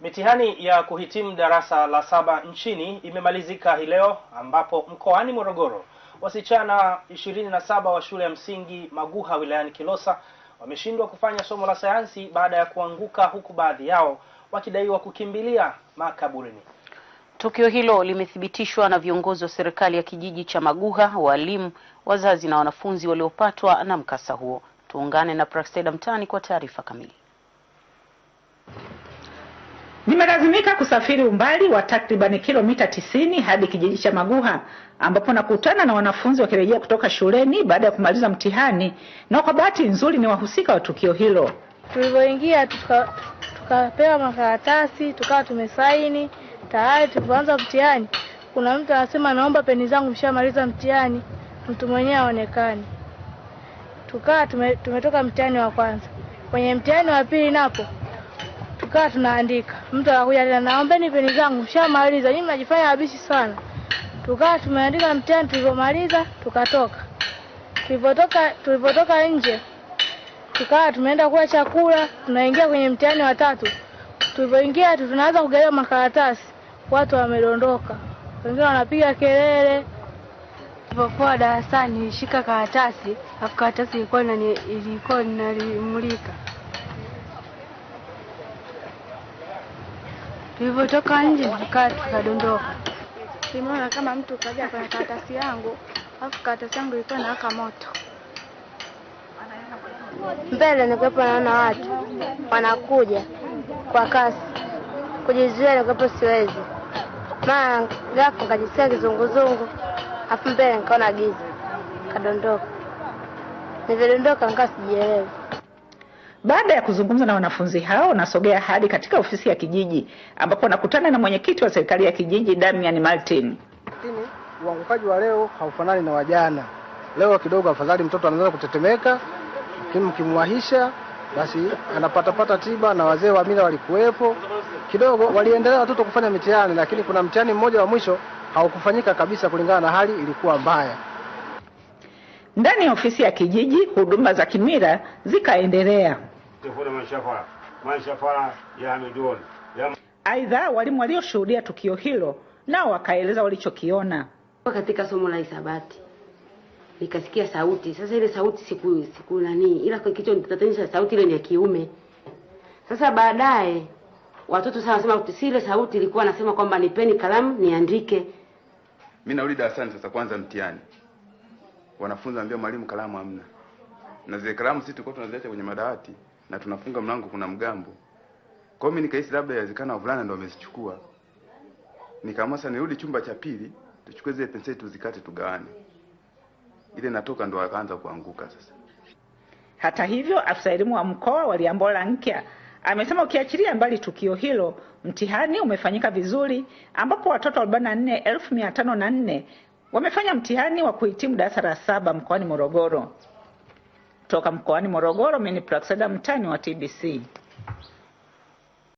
Mitihani ya kuhitimu darasa la saba nchini imemalizika hii leo ambapo mkoani Morogoro wasichana ishirini na saba wa shule ya msingi Maguha wilayani Kilosa wameshindwa kufanya somo la sayansi baada ya kuanguka huku baadhi yao wakidaiwa kukimbilia makaburini. Tukio hilo limethibitishwa na viongozi wa serikali ya kijiji cha Maguha, walimu, wazazi na wanafunzi waliopatwa na mkasa huo. Tuungane na Praxeda Mtani kwa taarifa kamili. Nimelazimika kusafiri umbali wa takribani kilomita tisini hadi kijiji cha Maguha ambapo nakutana na wanafunzi wakirejea kutoka shuleni baada ya kumaliza mtihani, na kwa bahati nzuri ni wahusika wa tukio hilo. Tulivyoingia tuka, tukapewa makaratasi tukawa tumesaini tayari. Tulipoanza mtihani, kuna mtu anasema naomba peni zangu, mshamaliza mtihani, mtu mwenyewe aonekane. Tukawa tume, tumetoka mtihani wa kwanza, kwenye mtihani wa pili napo tukawa tunaandika, mtu anakuja tena, ni peni zangu, shamaliza nyinyi mnajifanya habisi sana. Tukawa tumeandika mtihani, tulivyomaliza tukatoka. Tulipotoka, tulipotoka nje tukawa tumeenda kula chakula, tunaingia kwenye mtihani wa tatu. Tulipoingia tu tunaanza kugawa makaratasi, watu wamedondoka, wengine wanapiga kelele. Nilipokuwa darasani nilishika karatasi, afu karatasi ilikuwa ilikuwa inalimulika Tulivyotoka nje tukaa tukadondoka. simona kama mtu kaja kwenye karatasi yangu, alafu karatasi yangu ilikuwa waka moto. Mbele nikuwepo naona watu wanakuja kwa kasi, kujizuia nikuwepo siwezi, maana gafu nikajisikia kizunguzungu, alafu mbele nikaona giza, kadondoka. nivyodondoka nkaa sijielewi. Baada ya kuzungumza na wanafunzi hao, nasogea hadi katika ofisi ya kijiji ambapo nakutana na mwenyekiti wa serikali ya kijiji Damian Martin. Uangukaji wa leo haufanani na wajana. Leo kidogo afadhali, mtoto anaanza kutetemeka, mkimwahisha basi anapatapata tiba, na wazee wa mila walikuwepo kidogo, waliendelea watoto kufanya mitihani, lakini kuna mtihani mmoja wa mwisho haukufanyika kabisa kulingana na hali ilikuwa mbaya. Ndani ya ofisi ya kijiji huduma za kimila zikaendelea yakutafuna manshafaa manshafaa ya hamidun. Aidha, walimu walioshuhudia tukio hilo nao wakaeleza walichokiona. Katika somo la hisabati nikasikia sauti. Sasa ile sauti siku siku nani, ila kwa kichwa nitatanisha sauti ile ni ya kiume. Sasa baadaye watoto sasa wanasema si ile sauti ilikuwa nasema kwamba nipeni kalamu niandike. Mimi narudi darasani sasa, kwanza mtihani, wanafunzi ambia mwalimu, kalamu hamna, na zile kalamu sisi tulikuwa tunaziacha kwenye madawati na tunafunga mlango, kuna mgambo. Kwa mimi nikahisi labda yawezekana wavulana ndio wamezichukua. sasa nirudi chumba cha pili tuchukue zile penseli tuzikate tugawane. Ile natoka ndo akaanza kuanguka sasa. Hata hivyo, afisa elimu wa mkoa Waliambola Nkya amesema ukiachilia mbali tukio hilo, mtihani umefanyika vizuri, ambapo watoto 44,504 wamefanya mtihani wa kuhitimu darasa la saba mkoani Morogoro. Kutoka mkoani Morogoro, mimi ni Praxeda Mtani wa TBC.